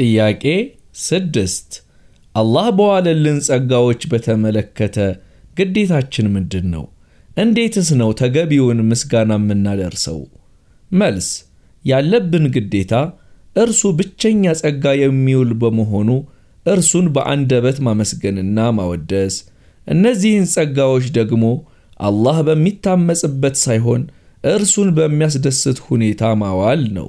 ጥያቄ ስድስት አላህ በዋለልን ጸጋዎች በተመለከተ ግዴታችን ምንድን ነው? እንዴትስ ነው ተገቢውን ምስጋና የምናደርሰው? መልስ ያለብን ግዴታ እርሱ ብቸኛ ጸጋ የሚውል በመሆኑ እርሱን በአንደበት ማመስገንና ማወደስ፣ እነዚህን ጸጋዎች ደግሞ አላህ በሚታመጽበት ሳይሆን እርሱን በሚያስደስት ሁኔታ ማዋል ነው።